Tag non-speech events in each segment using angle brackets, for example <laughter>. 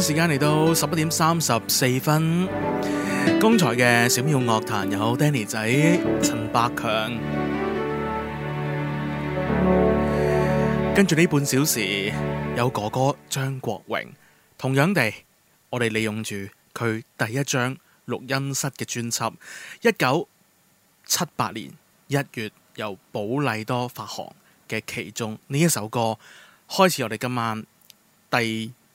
時間嚟到十一點三十四分，剛才嘅閃耀樂壇有 Danny 仔、陳百強，跟住呢半小時有哥哥張國榮。同樣地，我哋利用住佢第一張錄音室嘅專輯，一九七八年一月由寶麗多發行嘅其中呢一首歌，開始我哋今晚第。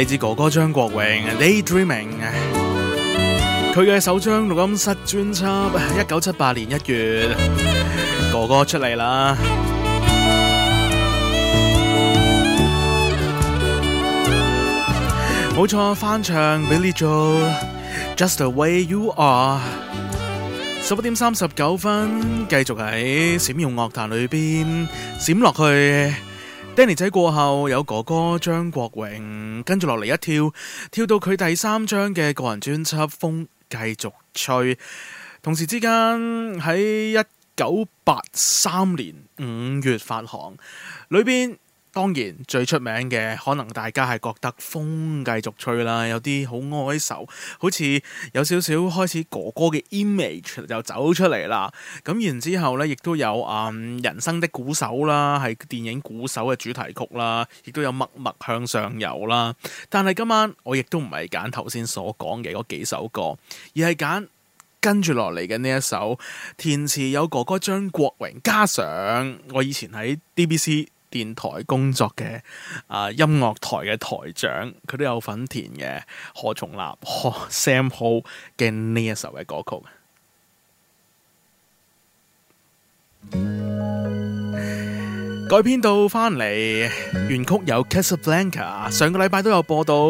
來自哥哥張國榮，Daydreaming，佢嘅首張錄音室專輯，一九七八年一月，哥哥出嚟啦。冇錯，翻唱 Billy Joel，Just the way you are。十一點三十九分，繼續喺閃耀樂壇裏邊閃落去。Danny 仔，過後有哥哥張國榮，跟住落嚟一跳跳到佢第三張嘅個人專輯《風繼續吹》，同時之間喺一九八三年五月發行裏邊。當然最出名嘅，可能大家係覺得風繼續吹啦，有啲好哀愁，好似有少少開始哥哥嘅 image 就走出嚟啦。咁然之後呢，亦都有、嗯《人生的鼓手》啦，係電影《鼓手》嘅主題曲啦，亦都有《默默向上游》啦。但係今晚我亦都唔係揀頭先所講嘅嗰幾首歌，而係揀跟住落嚟嘅呢一首填詞有哥哥張國榮，加上我以前喺 DBC 電台工作嘅啊，音樂台嘅台長，佢都有份填嘅。何重立、何 Sam Ho 嘅呢一首嘅歌曲 <music> 改編到翻嚟，原曲有 Casablanca，上個禮拜都有播到，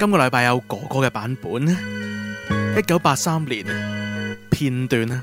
今個禮拜有哥哥嘅版本，一九八三年片段啊。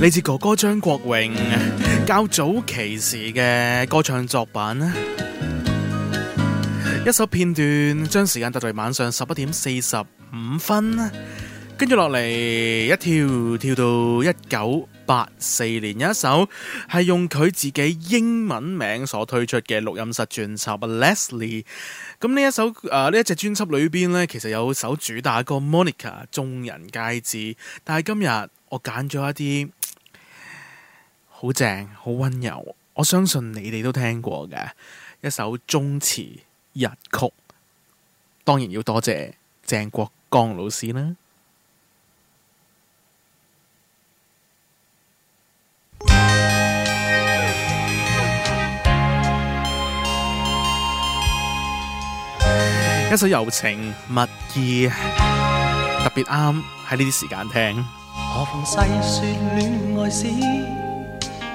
嚟自哥哥張國榮較早期時嘅歌唱作品，一首片段將時間帶到晚上十一點四十五分，跟住落嚟一跳跳到一九八四年，一首係用佢自己英文名所推出嘅錄音室專輯《Leslie》。咁呢一首誒、呃、呢一隻專輯裏邊其實有首主打歌《Monica》，眾人皆知，但係今日我揀咗一啲。好正，好溫柔，我相信你哋都聽過嘅一首中詞日曲，當然要多謝鄭國江老師啦。 <music> 一首柔情蜜意，特別啱喺呢啲時間聽。何妨細說戀愛史？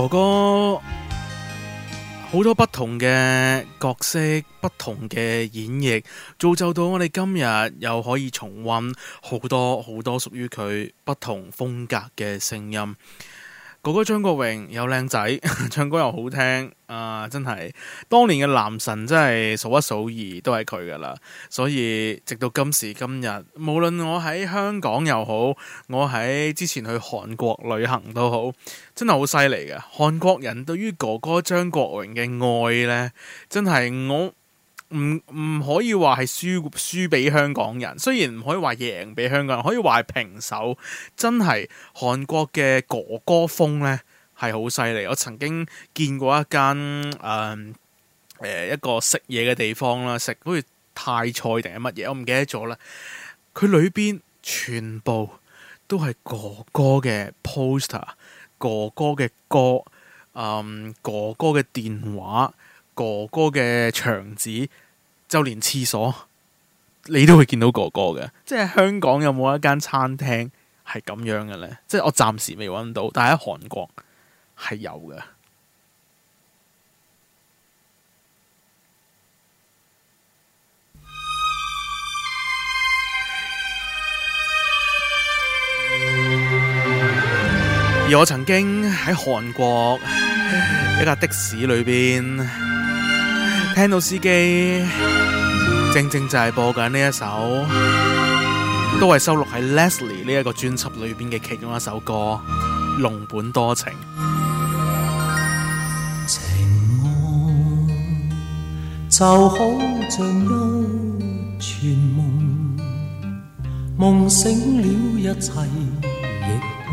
哥哥好多不同嘅角色，不同嘅演繹，造就到我哋今日又可以重温好多好多屬於佢不同風格嘅聲音。哥哥張國榮又靚仔，唱歌又好聽，啊！真係當年嘅男神，真係數一數二，都係佢㗎喇。所以直到今時今日，無論我喺香港又好，我喺之前去韓國旅行都好，真係好犀利㗎。韓國人對於哥哥張國榮嘅愛呢，真係我。唔唔可以話係輸輸俾香港人，雖然唔可以話贏俾香港人，可以話係平手。真係韓國嘅哥哥風咧，係好犀利。我曾經見過一間誒誒、嗯呃、一個食嘢嘅地方啦，食好似泰菜定係乜嘢，我唔記得咗啦。佢裏邊全部都係哥哥嘅 poster，哥哥嘅歌，嗯，哥哥嘅電話。哥哥嘅牆紙，就連廁所你都會見到哥哥嘅。即係香港有冇一間餐廳係咁樣嘅呢？即係我暫時未搵到，但係喺韓國係有嘅。 <music> 而我曾經喺韓國一架的士裏面。聽到司機正正就係播緊呢一首，都係收錄喺 Leslie 呢一個專輯裏邊嘅其中一首歌《儂本多情》。情愛就好像一串夢，夢醒了一切亦空，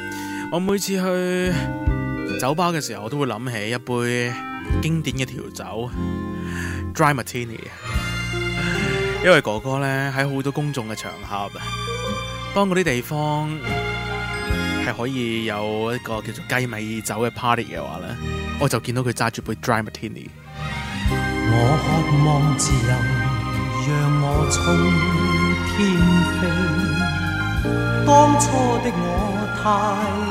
我每次去酒吧嘅時候，我都會諗起一杯經典嘅調酒 Dry Martini。因為哥哥咧喺好多公眾嘅場合，當嗰啲地方係可以有一個叫做雞尾酒嘅 party 嘅話咧，我就見到佢揸住杯 Dry Martini。我渴望自由，讓我沖天飛。當初的我太。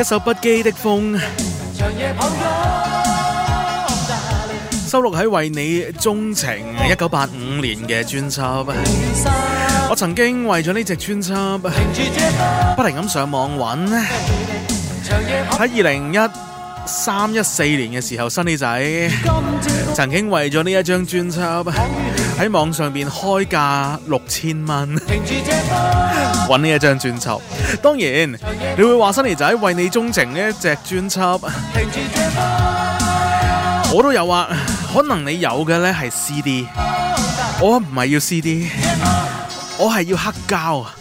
一首不羈的風，長夜，收錄喺《為你鍾情》一九八五年嘅專輯。我曾經為咗呢隻專輯，不停咁上網搵。喺二零一三一四年嘅時候，新呢仔曾經為咗呢一張專輯。喺網上開價六千蚊，搵呢一張專輯。當然，你會話新嚟仔為你鍾情呢一隻專輯，我都有啊。可能你有嘅係 CD，我唔係要 CD，我係要黑膠啊。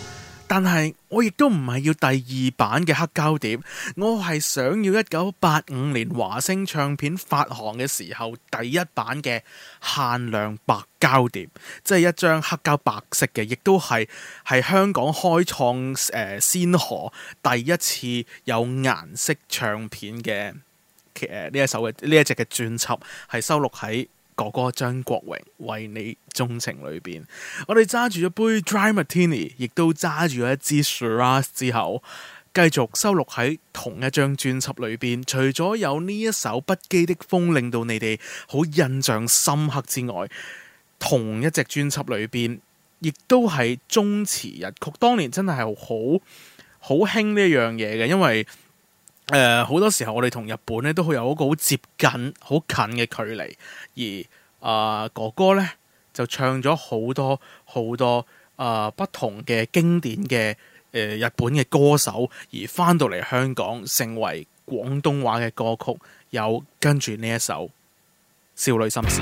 但係我亦都唔係要第二版嘅黑膠碟，我係想要一九八五年華星唱片發行嘅時候第一版嘅限量白膠碟，即係一張黑膠白色嘅，亦都係係香港開創誒先河，第一次有顏色唱片嘅誒呢一首嘅呢一隻嘅專輯係收錄喺。哥哥張國榮為你鍾情裏邊，我哋揸住一杯 dry martini，亦都揸住咗一支 straws 之後，繼續收錄喺同一張專輯裏邊。除咗有呢一首不羈的風令到你哋好印象深刻之外，同一隻專輯裏邊亦都係中詞日曲。當年真係好好興呢樣嘢嘅，因為。誒、呃、好多時候，我哋同日本咧都會有一個好接近、好近嘅距離。而、呃、哥哥呢就唱咗好多好多啊、呃、不同嘅經典嘅、呃、日本嘅歌手，而翻到嚟香港成為廣東話嘅歌曲，有跟住呢一首《少女心事》。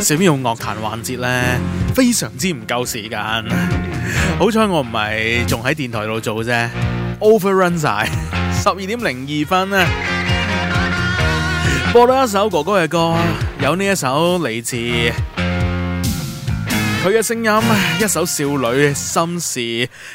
少用樂壇環節呢？非常之唔夠時間。好彩我唔係仲喺電台度做啫，overrun 晒。十二點零二分咧、啊，播咗一首哥哥嘅歌，有呢一首嚟自，佢嘅聲音，一首少女心事，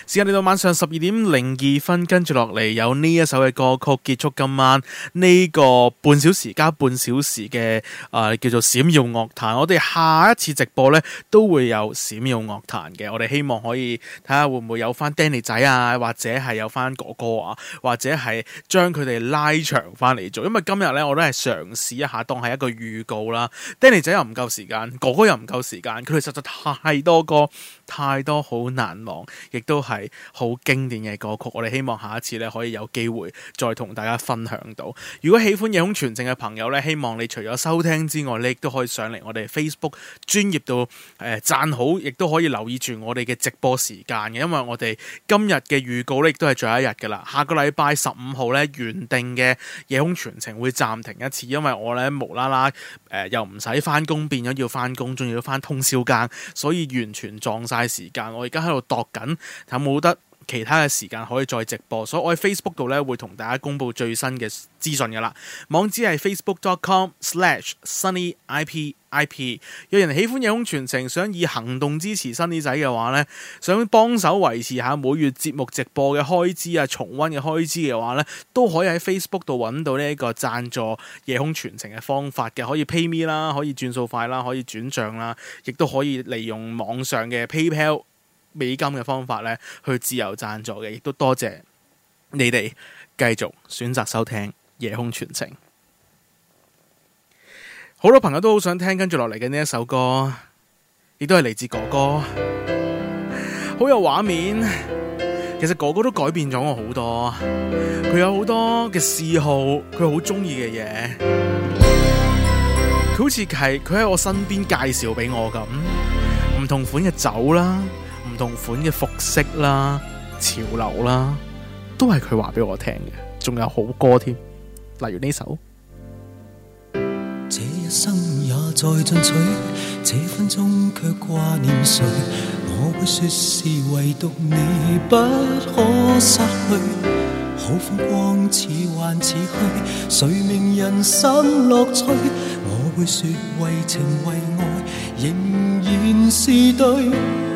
時間嚟到晚上十二點零二分，跟住落嚟有呢一首嘅歌曲結束今晚呢個半小時加半小時嘅誒、呃、叫做閃耀樂壇。我哋下一次直播呢，都會有閃耀樂壇嘅，我哋希望可以睇下會唔會有翻 Danny 仔啊，或者係有翻哥哥啊，或者係將佢哋拉長翻嚟做，因為今日呢，我都係嘗試一下當係一個預告啦。Danny 仔又唔夠時間，哥哥又唔夠時間，佢哋實在太～太多歌，太多好難忘，亦都係好經典嘅歌曲。我哋希望下一次咧，可以有機會再同大家分享到。如果喜歡夜空傳情嘅朋友咧，希望你除咗收聽之外，你亦都可以上嚟我哋 Facebook 專頁度誒、呃、讚好，亦都可以留意住我哋嘅直播時間嘅。因為我哋今日嘅預告咧，亦都係最後一日噶啦。下個禮拜十五號咧，原定嘅夜空傳情會暫停一次，因為我咧無啦啦誒又唔使翻工，變咗要翻工，仲要翻通宵更。可以完全撞晒時間，我而家喺度度緊，有冇得？其他嘅時間可以再直播，所以我喺 Facebook 度咧會同大家公布最新嘅資訊噶啦。網址係 Facebook.com/sunnyipip。有人喜歡夜空傳情，想以行動支持 Sunny 仔嘅話咧，想幫手維持下每月節目直播嘅開支啊、重溫嘅開支嘅話咧，都可以喺 Facebook 度揾到呢一個贊助夜空傳情嘅方法嘅，可以 PayMe 啦，可以轉數快啦，可以轉帳啦，亦都可以利用網上嘅 PayPal。美金嘅方法咧，去自由贊助嘅，亦都多謝你哋繼續選擇收聽夜空傳情。好多朋友都好想聽跟住落嚟嘅呢一首歌，亦都係嚟自哥哥。好有畫面，其實哥哥都改變咗我好多。佢有好多嘅嗜好，佢好中意嘅嘢，佢好似係佢喺我身邊介紹俾我咁，唔同款嘅酒啦。同款嘅服飾啦，潮流啦，都係佢話俾我聽嘅，仲有好歌添，例如呢首。這一生也在進取，這分鐘卻掛念誰？我會說是唯獨你不可失去。好風光似幻似虛，誰明人生樂趣？我會說為情為愛，仍然是對。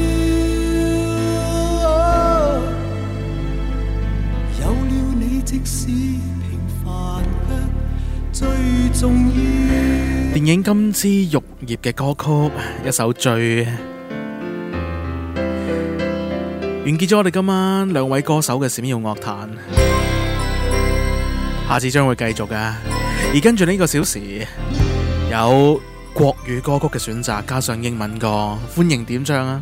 平凡的最重要。電影《金枝玉葉》嘅歌曲，一首《追》，完結咗我哋今晚兩位歌手嘅閃耀樂壇。下次將會繼續㗎，而跟住呢個小時有國語歌曲嘅選擇，加上英文歌，歡迎點唱啊！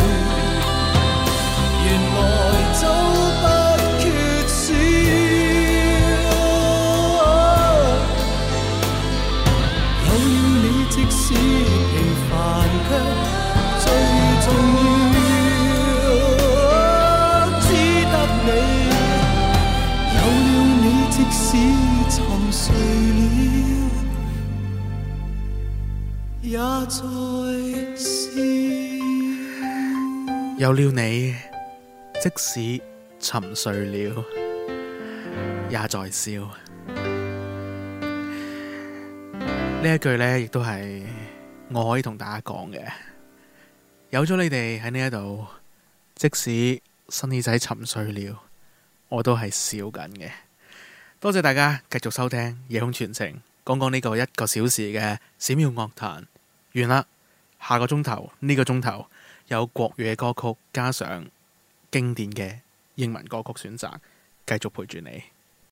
有了你，即使沉睡了，也在笑。呢一句呢，亦都係我可以同大家講嘅。有咗你哋喺呢一度，即使新耳仔沉睡了，我都係笑緊嘅。多謝大家繼續收聽《夜空傳情》，講講呢個一個小時嘅閃耀樂壇。完啦！下個鐘頭，呢個鐘頭有國語嘅歌曲，加上經典嘅英文歌曲選擇，繼續陪住你。